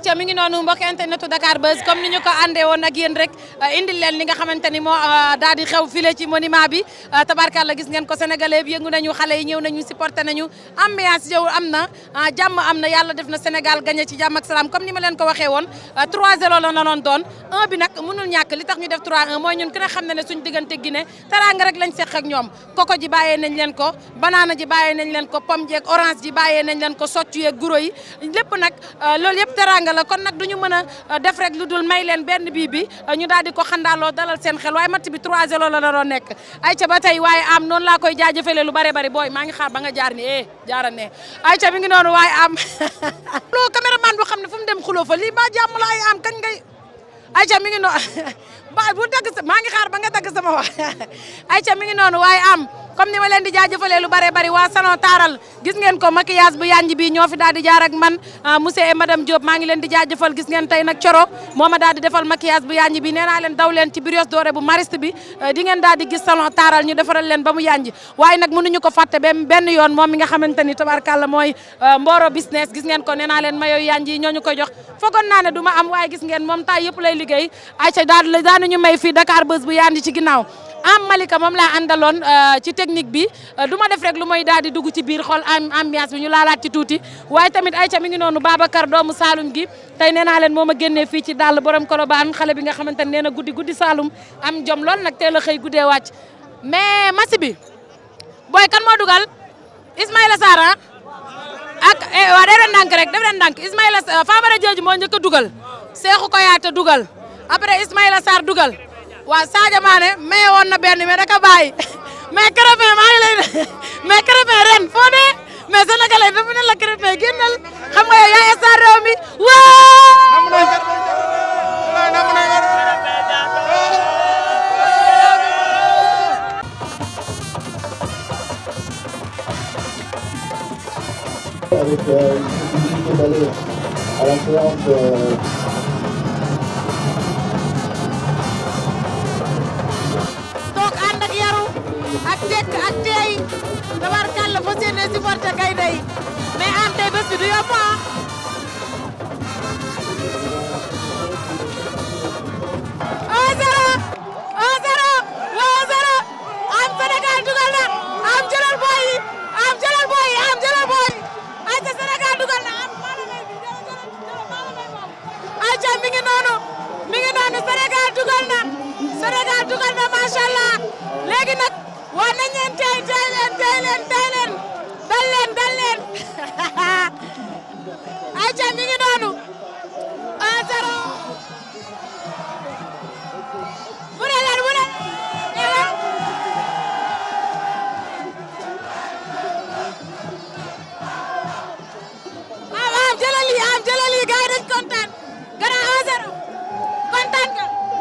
ca mi ngi noonu mbokk internetu Dakar Buzz comme ni ñu ko àndee woon ak yéen rek euh, indil leen li nga xamante ni moo euh, daal di xew file ci monument bi euh, la gis ngeen ko sénégalais bi yëngu nañu xale yi ñëw nañu supporté nañu ambiance yow am na jàmm am na yàlla def na Sénégal gagné ci jàmm ak salaam comme ni ma leen ko waxee woon 3-0 la noonu doon 1 bi nag mënul ñàkk li tax ñu def 3-1 mooy ñun ku ne xam na ne suñu diggante Guinée teraanga rek lañ seq ak ñoom koko ji bàyyee nañ leen ko banaana ji bàyyee nañ leen ko pomme jeeg orange ji bàyyee nañ leen ko soccu yeeg guro yi lépp nag yëpp teraanga la kon nag du ñu mën a euh, def rek lu dul may leen benn bii bi euh, ñu daal di ko xandaaloo dalal seen xel waaye matt bi 3 la la doon nekk ayca ba tey waaye am noonu laa koy jaajëfalee lu bare bari booy maa ngi xaar ba nga jaar ni eh jaara ne ayca mi ngi noonu waaye am loo caméraman xam ne fu mu dem xuloo fa lii ba am kañ ngay ayca mi ngi noonu ba bu dagg maa ngi xaar ba nga dagg sama wax ayca mi ngi noonu waaye am comme ni ma leen di jaajëfalee lu bare bari waa salon taaral gis ngeen ko maquillage bu yanj bi ñoo fi daal di jaar ak man ah, monsieur et madame Diop maa ngi leen di jaajëfal gis ngeen tey nag coro moo ma daal di defal maquillage bu yanj bi nee leen daw leen ci Brioche Dorée bu mariste bi eh, di ngeen gis salon taaral ñu defaral leen ba mu yanj waaye nag mënuñu ko fàtte benn benn yoon moom mi nga xamante ni tabarkàlla mooy eh, mbooro business gis ngeen ko nee naa leen mayo yanj ñoo ñu koy jox foogoon naa ne ma am waaye gis ngeen moom tay yëpp lay liggéey ayca may fii Dakar Buzz bu yanj ci ginnaaw am Malika moom technique bi euh, du ma def rek lu mooy daal di dugg ci biir xool ambiance bi ñu laalaat ci tuuti waaye tamit ay ca mi ngi noonu Babacar doomu Saalum gi tey nee naa leen moo ma génnee fii ci dàll borom Colobane xale bi nga xamante ne nee na guddi guddi Saalum am jom lool nag teel a xëy guddee wàcc mais match bi booy kan moo dugal Ismaïla Sarr ah? ak eh, waa def leen ndànk rek def leen ndànk Ismaïla euh, Famara Diédhiou moo njëkk a dugal Cheikhou Kouyaté dugal après Ismaïla Sarr dugal waaw Sadio Mané maye woon na benn mais daka bàyyi mais Krépin maa ngi lay mais Krépin ren foo ne mais sénégalais dafa ne la Krépin génnal xam nga yow yaay star réew mi waaw. avec euh, une possibilité d'aller à la séance euh studio pa un zéro un zéro un zéro am Sénégal dugal na am jëlal boy yi am jëlal boy yi am jëlal boy yi ayca Sénégal dugal na am maa la lay jëlal jëlal maa la lay moom ayca mi ngi noonu mi ngi noonu Sénégal dugal na Sénégal dugal na macha allah léegi nag war nañ leen tey tey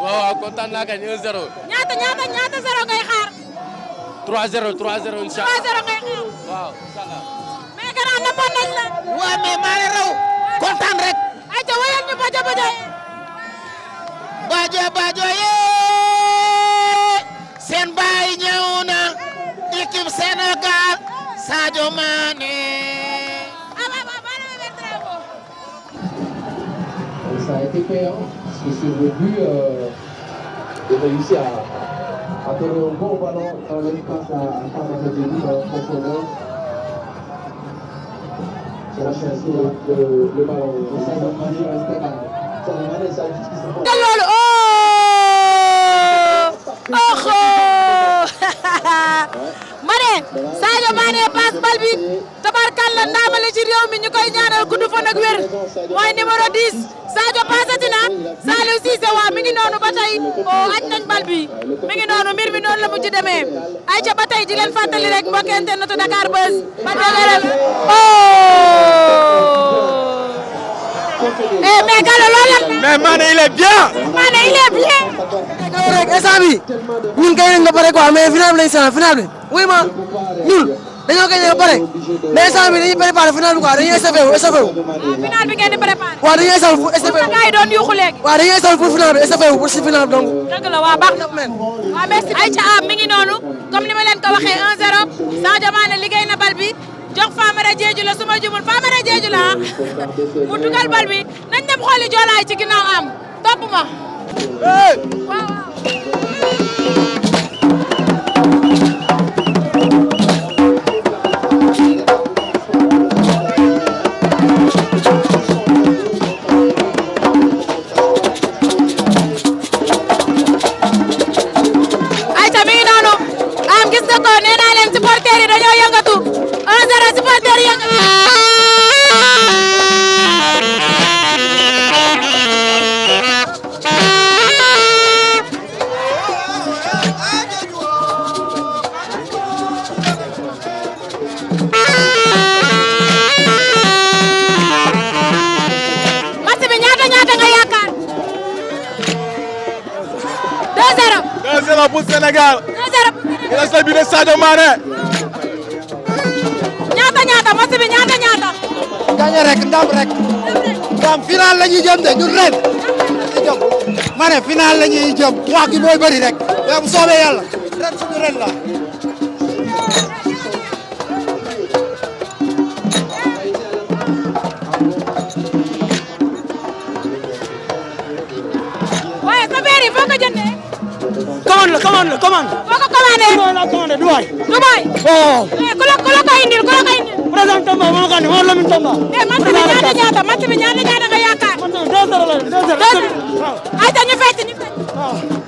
waaw waaw kontaan naa kañ 1 kontaan rek. ayca wéyal ñu bajo bajo bajo yee. seen baay ñëw na. équipe Sénégal. Sadio Mané. Ah, Parce que c'est le but euh, de réussir à, à, donner un bon ballon quand même face à, à de début dans profondeur. C'est la chance de le ballon. Ça va manier rester là. Ça va manier, ça juste qui se passe. Oh oh ma ne Sadio Mané passe bal bi tabarkalla ndaamale ci réew mi ñu koy ñaanal gudd fan ak wér mooy numéro 10 Sadio passati na Saliou Cissé mi ngi noonu ba tey oh, añ nañ bal mi ngi noonu mbir mi noonu la mujj demee ay ca ba tey di leen rek mbokk internet Dakar Buzz ba dooleelam oh! eh mais Gallo loolu lan mais Mané il est bien Mané il est bien rek instant bi ñun nga pare quoi mais final bi lañ sena final bi wuy ma ñun dañoo gagné ba pare mais instant bii dañuy préparé final bi quoi dañuy échauffé wu échauffé wu. final bi ngeen di préparé. waaw dañuy échauffé wu échauffé wu. gars yi doon yuuxu léegi. waaw dañuy bi échauffé wu pour si final bi donc. dëgg la waaw men. waaw merci Aïcha ah, mi ngi noonu comme ni ma leen ko waxee 1-0 Sadio Mané liggéey jox Famara Diédhiou la su jumul Famara Diédhiou la ah. mu dugal bal nañ dem xooli joolaay ci am topp ma. Sané ñaata ñaata match bi ñaata ñaata gañe rek ndam rek ndam final la ñuy jëm de ñun ren lañuy jëm ma ne final la ñuy jëm wax gi mooy bëri rek mais bu soobee yàlla ren suñu ren la waaye sa verre yi foo ko jëndee commande la commande la commande boo ko commandé commande la commandé du waay Dubaay. waaw. Oh. Eh, ku la ku la ko Tamba moom la moom la Tamba. Eh, président bi ñaata ñaata match bi nga yaakaar. deux zéro la deux zéro. ayca ñu fecc oh.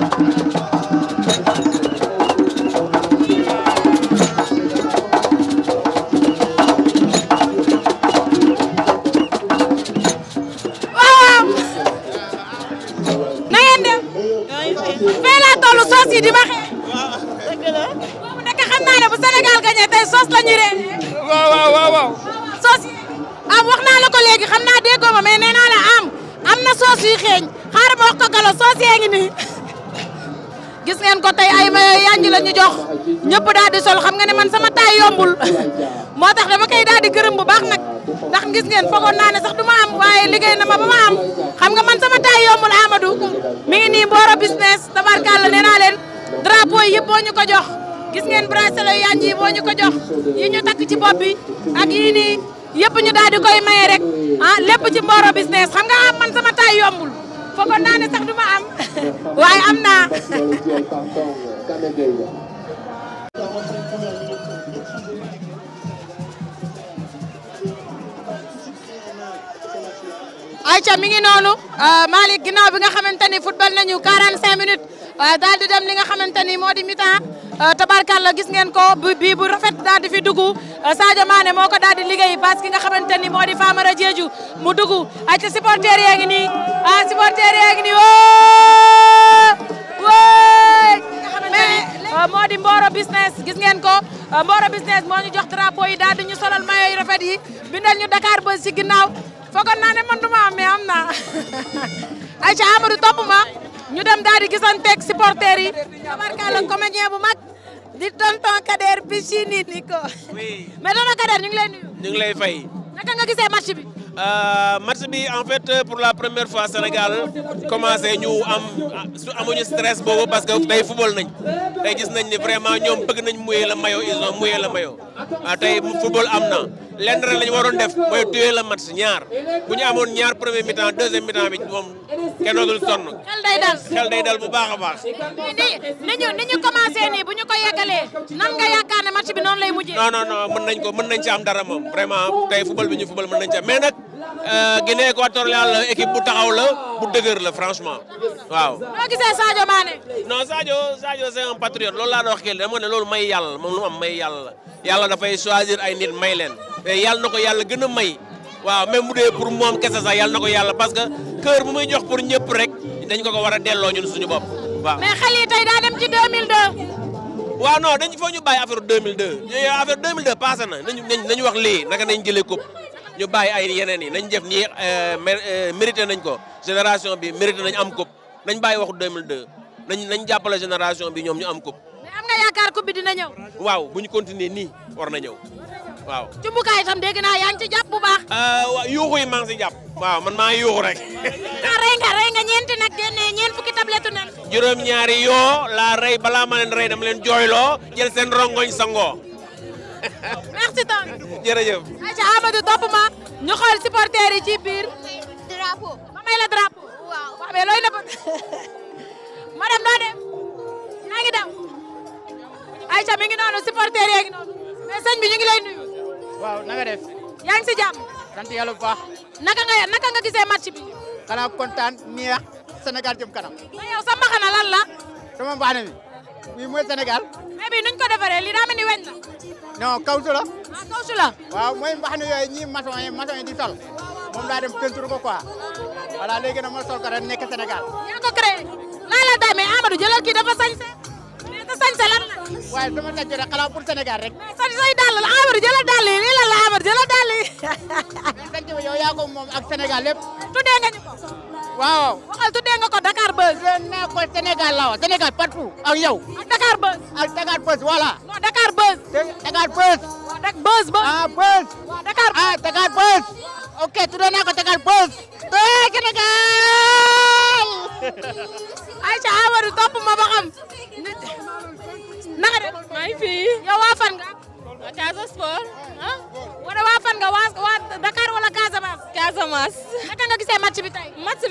ko tey ay mayo yànj la ñu jox ñëpp daal di sol xam nga ne man sama taay yombul moo tax dama koy daal di gërëm bu baax nag ndax gis ngeen foogoon naa ne sax du ma am waaye liggéey na ma ba ma am xam nga man sama taay yombul Amadou mi ngi nii Mboro business tabarkàlla nee naa leen drapeau yëpp ñu ko jox gis ngeen bracelet yànj yi ñu ko jox yi ñu takk ci bopp ak yii nii ñu daal koy maye rek ah lépp ci Mboro business xam nga ah, man sama taay foogoon naa ne sax du am waaye am naa. ayca mi ngi noonu euh, Malick ginnaaw bi nga xamante ni football nañu 45 minutes. waaye daal di dem li nga xamante ni moo di mi-temps euh, la gis ngeen ko bii bu rafet daal di fi dugg euh, Sadio Mané moo ko daal di liggéey parce nga xamante moo di Famara Diédhiou mu dugg ay ci supporter yaa ngi nii ah supporter yaa woo woo euh, moo di Mboro business gis ngeen ko Mboro business moo ñu jox yi daal di ñu solal maillot yu rafet yi bindal ñu Dakar ba ci ginnaaw foogoon naa am mais am naa Aïcha Amadou topp ma ñu dem daal di gisanteeg supporters yi tabarkalla comédien bu mag di tonton Kader Pichini Nico. oui mais tonton Kader ñu ngi lay fay. naka nga gisee match bi. Euh, match bi en fait pour la première fois Sénégal commencé ñu am su amuñu stress boobu parce que tey football nañ tey gis nañ ni vraiment ñoom bëgg nañ mouiller la maillot ils ont mouillé le maillot ah, tey football am na. lenn rek la ñu waroon def mooy tuer le ñaar bu ñu amoon ñaar premier mi-temps deuxième mi-temps bi moom kenn dootul sonn. xel day dal xel day dal bu baax a baax. ni ñu ni bu ñu ko yeggalee nan nga yaakaar ne match bi noonu lay mujjee. non non non mën nañ ko mën nañ ci am dara moom vraiment tey football bi ñu football mën nañ ci Euh, Guinée équatoriale équipe bu taxaw la bu dëgër la franchement waaw. noo gisee Sadio Mané. non Sadio Sadio c'est un patriote la laa doon wax kii ne loolu may yàlla moom lu am may yàlla yàlla dafay choisir ay nit may leen mais yàlla na ko yàlla gën a may waaw même bu dee pour moom kese sax yàlla na ko yàlla parce que cœur bu muy jox pour ñëpp rek dañ ko ko war a delloo ñun suñu bopp waaw. mais xel yi tey ñu bàyyi affaire 2002 affaire na nañu nañu wax lii naka nañ jëlee coupe ñu bàyyi ay yeneen yi nañ def nii euh, euh, mérité nañ ko génération bi mérité nañ am coupe nañ bàyyi waxu 2002 nañ nañ jàppale génération bi ñoom ñu am coupe. mais am nga yaakaar coupe bi dina ñëw. waaw bu ñu continuer nii war na ñëw waaw. cumbukaay itam dégg naa ci jàpp bu baax. Euh, waaw yuuxu yi waaw man maa ngi yuuxu rek. ah rey ñeenti nag génne ñeent fukki tablette nag. juróom-ñaari yoo laa rey balaa ma leen rey dama leen jooyloo jël seen rongoñ sangoo. sax ci tànk. jërëjëf. ayca Amadou topp ma ñu xool supporters yi ci biir. drapeau. ma may la drapeau. waaw wax mais ngi bi ñu ngi lay si jàmm. yàlla bu baax. naka nga naka nga gisee match bi. xanaa kanam. mais yow sa mbaxana lan la. sama mbaxana mi. mais bii nuñ ko defaree lii daa mel weñ la. non kawsu la. ah kawsu mooy mbaxana yooyu ñii maçon yi di sol moom laa dem ko quoi voilà léegi nag ma sol nekk Sénégal. yaa ko créé laa la daa mais jëlal kii dafa sañse mais waaye sama sañse rek xalaat pour rek. mais sañse daal la Amadou jëlal daal yi lii la la jëlal daal yi. mais sañse bi moom ak Sénégal lépp. tuddee nga waaw waxal tuddee nga ko Dakar Buzz. tuddee naa ko Sénégal la waaw Sénégal ak yow. Dakar Buzz. ak Dakar Buzz voilà. Dakar Buzz. Dakar Buzz. waaw dak ah, Dakar ah Dakar Buzz. ok tuddee naa ko topp ma ba naka de. maa ngi fi. yow waa fan nga. Casa Sport. Ah? wala waa fan nga waa Dakar wala Casamance. naka nga gisee match bi tey. match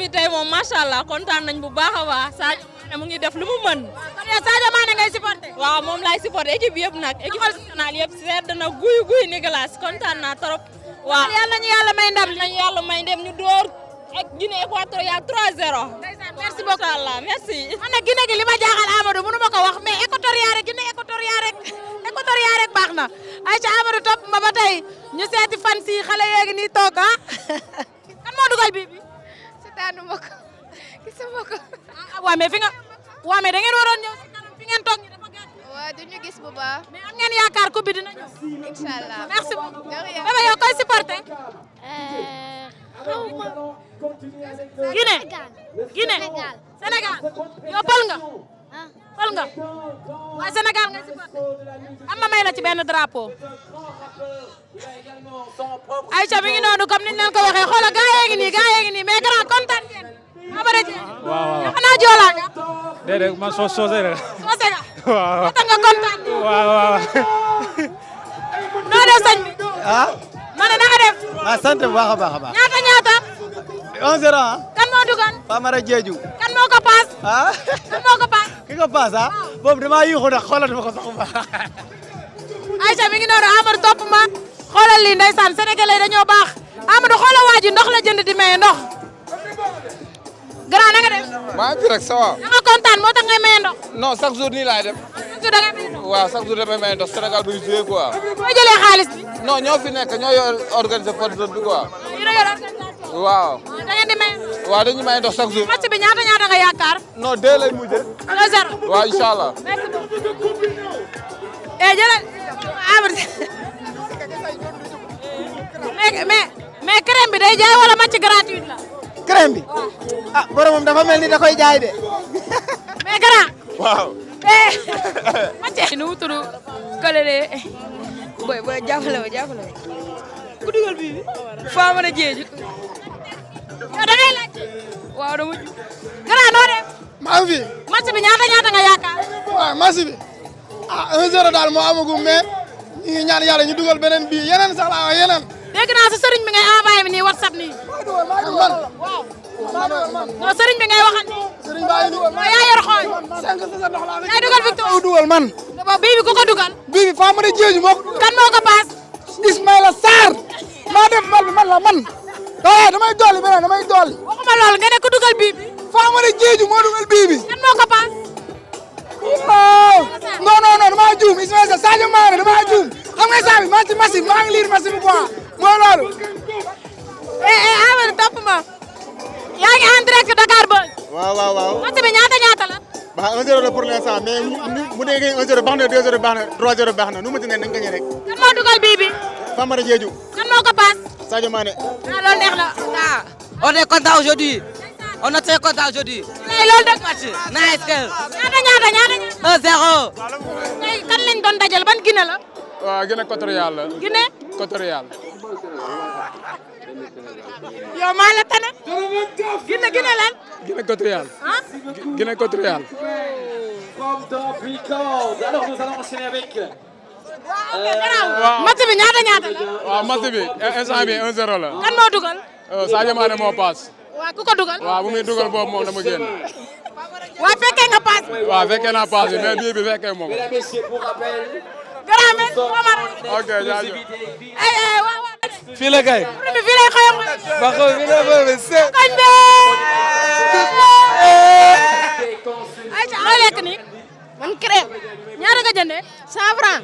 bu baax a baax Sadio Mané mu ngi def lu mu mën. kon yow Sadio Mané ngay supporté. waaw moom laay supporté équipe yëpp nag. équipe nationale yëpp sedd na guy guy Nicolas kontaan naa trop. waaw yàlla ñu yàlla may ndam nañu yàlla may ndam ñu door ak Guinée Équatoriale 3-0. merci beaucoup macha allah merci. man nag Guinée gi li ma jaaxal Amadou mënu ma na ayca Amadou topp ma ba tey ñu seeti fan moo dugal bii bi seetaanu ma ko gisuma ah, fi nga waaw mais da ngeen waroon fi ngeen toog ñu dafa gàtt waaw duñu gis bu baax mais am ngeen yaakaar coupe bi dina ñëw euh, nga xool nga waaye Sénégal ngay supporté may la ci benn drapeau Aïcha mi ngi noonu comme niñ leen ko waxee xoola gaa yee ngi nii gaa yee ngi nii mais grand kontaan ngeen man soo soose nga waaw waaw nga kontaan waaw waaw noo def sëñ bi ah ma ne na nga def ah a baax ah. paas ah ki nga paas ah boobu damaa yéexu ndax xoolal ma ko sax ma. Aïcha mi ngi noonu Amadou topp ma xoolal lii ndeysaan sénégalais yi dañoo baax Amadou xoolal waa ji ndox la jënd di maye ndox. grand na nga def. maa fi rek ça va. kontaan moo tax ngay ndox. non chaque jour nii laay def. chaque jour da ngay maye ndox. waaw chaque jour damay maye ndox Sénégal xaalis bi. ñoo fi nekk ñoo yor organisé porte bi quoi. yéen a yor waaw. Ah, da di maye. ndox chaque jour. ñaata ñaata nga yaakaar. non deux lay mujjee. un zéro waaw incha allah. merci beaucoup. eh wala match gratuite la. crème bi. ah boromam dafa mel ni de. mais grand. waaw. eh. match. nu mu tudd kële de booy booy jàppale ma jàppale ma. ku dugal yow da ngay laajte. waaw fi. match bi ñaata ñaata nga yaakaar. waaw match bi ah, daal mo amagum mais ñu ngi ñaan yàlla ñu dugal beneen bii yeneen sax yeneen. dégg naa sëriñ bi ngay envoyé nii whatsapp nii. man waaw. non sëriñ bi ngay waxal nii. sëriñ baa ngi nii. yaa yor xool. yaa dugal victoire. yaa dugal man. bii ku ko dugal. bii bi Famara Diédhiou moo ko. kan moo ko paas. Ismaïla Sarr. maa def bal bi man la man. waaw eh, damay dolli beneen damay dolli. waxuma loolu nga ne ko dugal bii bi. faa ma ne jéeju moo dugal bii bi. moo ko paas. waaw non non non damaa juum Ismaïla Sarr Sadio Mané damaa juum xam nga saa bi maa ci machine maa ngi liir machine bu baax topp ma. yaa ngi en direct Dakar Buzz. waaw waaw waaw. waaw 1-0 la pour l'instant mais mu dee ngeen 1-0 baax na 2-0 baax na 3-0 baax na nu mu mënti ne dañu gagné rek. kan moo dugal bii bi. Famara Diédhiou. kan moo ko paas. Sadio Mané. ah loolu neex na. on est content aujourd'hui on est très content aujourd'hui. tey loolu dëgg match la. waaw Guinée Équatoriale la. yow maa la tane. Guinée Guinée lan. Guinée Équatoriale. Guinée Équatoriale. Comme dans Bricode. Alors nous allons enchaîner avec. Euh, waaw match bi ñaata ñaata la. waaw match bi instant bi 1-0 la. kan moo dugal. Euh, Sadio Mané moo paas. waaw ku ko dugal. waaw bu muy dugal boobu moom dama génn. waaw fekkee nga paas. waaw fekkee naa paas bi mais bii bi fekkee moom. grand mère Omar. ok jaajëf. Eh, eh, kay. fii bee. ayca aw lekk nii. man crème. ñaata nga jëndee. 100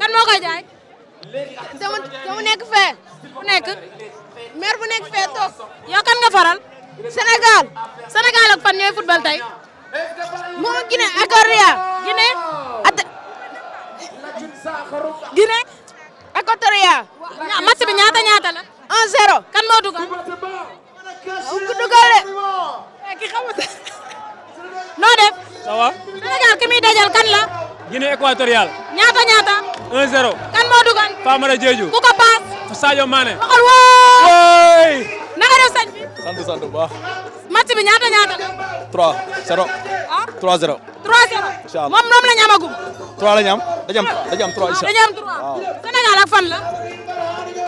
kan moo koy jaay. dama dama nekk fee. ku nekk. maire bu nekk fee toog. fan ñooy football tey. moom Guinée Equatorial. Guinée. Guinée Équatorial match ñaata ñaata la 1-0 kan moo dugal ku dugal eh, noo def ça va Sénégal ki muy dajal kan la Guinée Équatorial ñaata ñaata 1-0 kan moo dugal Famara Diédhiou ku ko paas Sadio Mané waxal wooy naka def sëñ bi sant sant bu match bi ñaata ñaata la. 3 0. ah 3 0. 3 0. incha allah moom moom la ñu amagum. 3 la ñu am dañu am dañu am 3 ah, incha allah dañu am 3. waaw Sénégal ak fan la.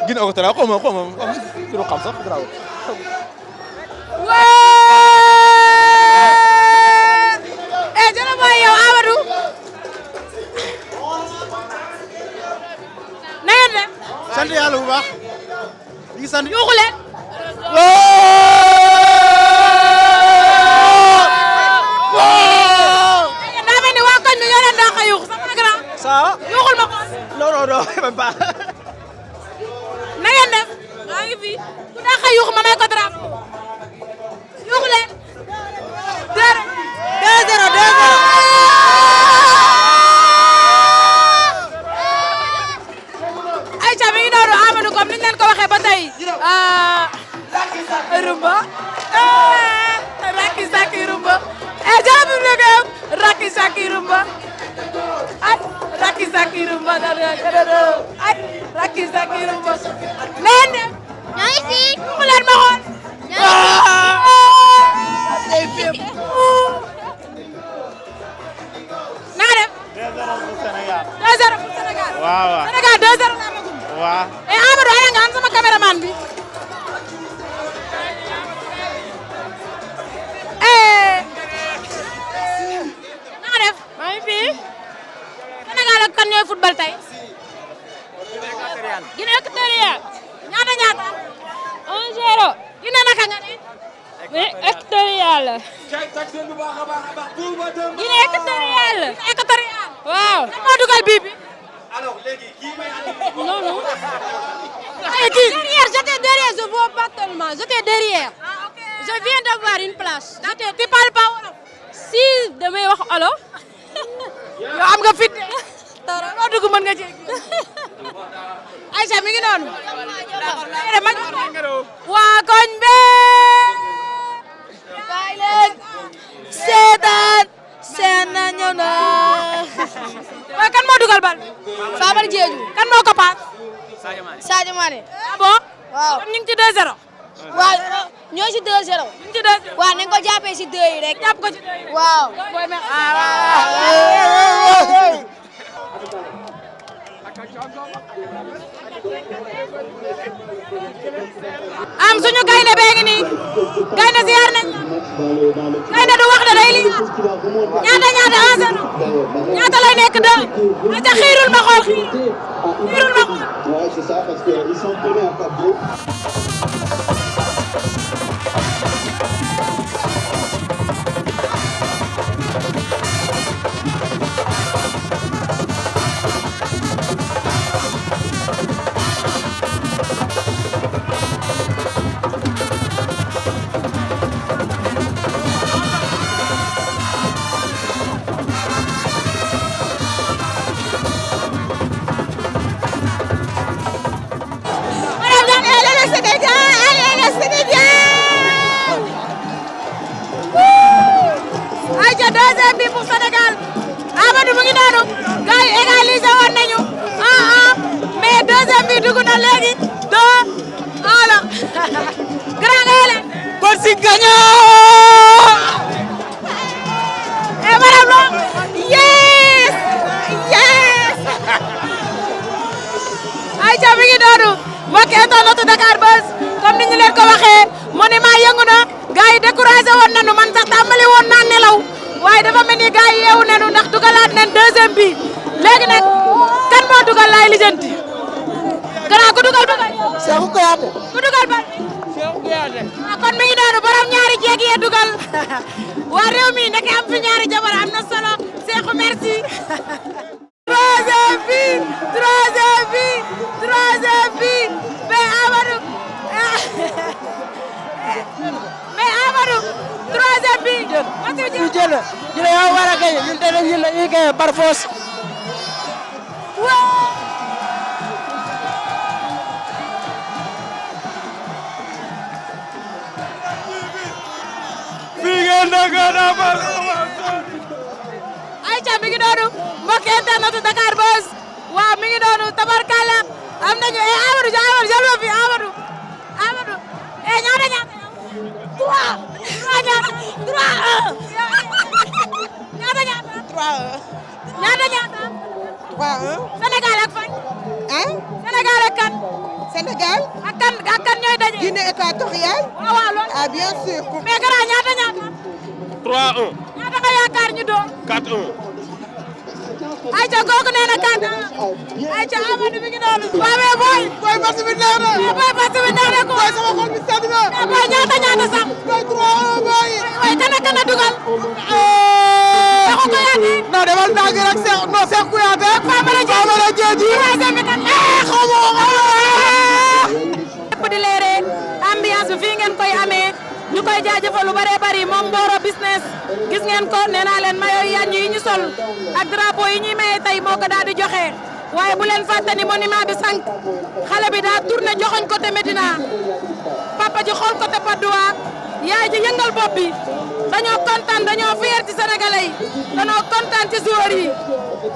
Guinée Equatoriale xaw ma xaw ma kii du xam sax bravo. eh jërë booy yow Amadou. na ngeen def. sant yàlla bu baax. di sant yuuxu leen. non non non même pas. na ngeen def maa ngi fi ku dàqa yuux ma may ko dara sakiru madara kadado ay rakki sakiru ma leen dem ñoo ngi si ku leen ma xool ah! na nga def deux zéro pour Sénégal waaw Sénégal deux zéro la amagum waaw et eh, Amadou ana nga am sama caméraman bi yàlla. Guinée équatoriale la. Guinée équatoriale. waaw. lan moo dugal bii bi. je vois pas ah, je viens d'avoir une place. j'étais tu si damay wax alo. am nga fit. dara loo nga cee. Aïcha mi ngi noonu. waaw koñ bee. bàyyi leen seetaan seen na kan moo dugal bal Famara Diédhiou kan moo ko paas Sadio Mané Sadio Mané ah bon waaw kon ñu ngi ci 2-0 waaw ñoo ci 2 waaw nañ ko jàppee am suñu gaynde bee ngi nii gaynde ziar nañ la du wax da day li ñaata ñaata un zéro ñaata lay nekk da ma xool xiirul ma xool Messi gagné et eh, madame yes yes ayca mi ngi doonu mbokk internetu Dakar Buzz comme ni ñu leen ko waxee monument yëngu na gars yi découragé woon nañu man sax tàmbali woon naa nelaw waaye dafa mel ni gars yi yeewu nañu ndax dugalaat nañ deuxième bi léegi nag kan moo dugal laay lijjanti gannaaw ku dugal dugal. Cheikhou ku dugal ba. Cheikhou Kouyaté. jéeg yee dugal waa réew mi naka am fi ñaari jabar am na solo Cheikhou merci. troisième fille troisième fille troisième ayca mi ngi doonu mbokk internet Dakar Buzz waaw mi ngi doonu tabarkalla am nañu eh Amadou ja Amadou jël ma fi Amadou Amadou eh ñaata ñaata trois trois ñaata trois ñaata ñaata trois ñaata ñaata trois Sénégal ak fan hein Sénégal ak kan Sénégal ak kan ak kan ñooy daje Guinée Équatoriale waaw waaw loolu ah bien sûr mais gara ñaata ñaata 3-1. ñaata nga yaakaar ñu doon. 4-1. ayca kooku nee na 4-1. ayca Amadou mi ngi noonu. waaw mais booy. booy bas bi neex na. mais booy bas bi neex na ko. booy sama xol bi sedd na. mais booy ñaata ñaata sax. booy 3-1 booy. waaye kana kana dugal. Euh, saxu Kouyaté. non demal ndànk rek Cheikh non Cheikh Kouyaté. jaajëfal lu bëree bëri moom Mboro business gis ngeen ko nee naa leen mayo yañ yi ñu sol ak drapeau yi ñuy maye tey moo ko daal di joxe waaye bu leen fàtte ni monument bi sànq xale bi daa tourné joxoñ côté Médina papa ji xool côté Patte d'Oie yaay ji yëngal bopp bi dañoo kontaan dañoo fier ci sénégalais yi dañoo kontaan ci joueurs yi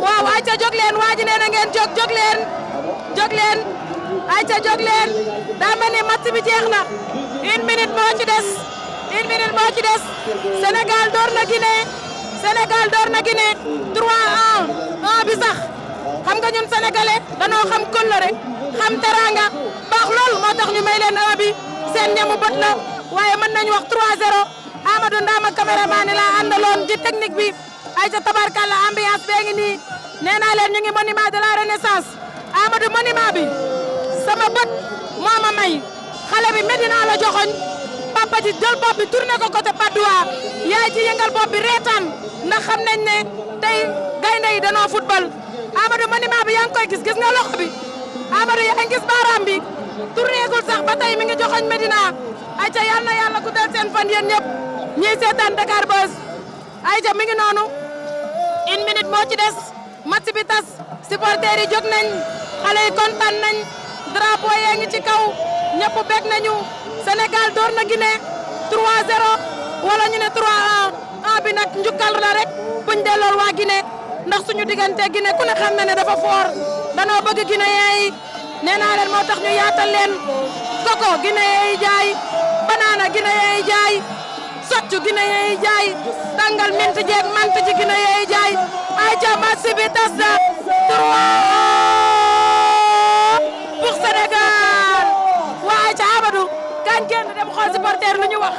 waaw ayca jóg leen waa nee na ngeen jóg leen jóg leen ayca leen daa mel ni match bi jeex na une minute moo ci des. une minute moo ci des Sénégal door na Guinée Sénégal door na Guinée 3 1 1 bi sax xam nga ñun sénégalais danoo xam kóllëre xam teraanga baax lool moo tax ñu may leen 1 bi seen ñamu bët la waaye mën nañu wax 3 0 Amadou Ndama caméraman la àndaloon ci technique bi ay ca tabarkalla ambiance bee ngi nii nee ñu ngi monument de la renaissance Amadou bi sama bët moo ma may xale bi Medina la joxoñ papa ji jël bopp bi tourné ko côté Patte d'Oie yaay ji yëngal bopp reetaan ndax xam nañ ne tey gaynde yi danoo football Amadou monument bi yaa koy gis gis nga loxo bi Amadou yaa ngi gis baaraam bi tourné gul sax ba tey mi ngi joxoñ Medina ayca yal na yàlla ku del seen fan yéen ñëpp seetaan Dakar Buzz ayca mi ngi noonu une minute moo ci des match bi tas supporters yi jóg xale yi kontaan nañ drapeau yaa ngi ci kaw ñëpp bég nañu. Sénégal door na Guinée 3-0 ñu ne 3-1 1 bi nag njukkal la rek buñ dellool waa Guinée ndax suñu diggante Guinée ku ne xam na ne dafa foor danoo bëgg Guinéen yi nee leen moo tax ñu yaatal leen koko Guinéen yi jaay banaana Guinéen yi jaay soccu Guinéen yi jaay tàngal mint jeeg mant ci Guinéen yi jaay ay ca match bi tas daañ génn dem xool supporter lu ñu wax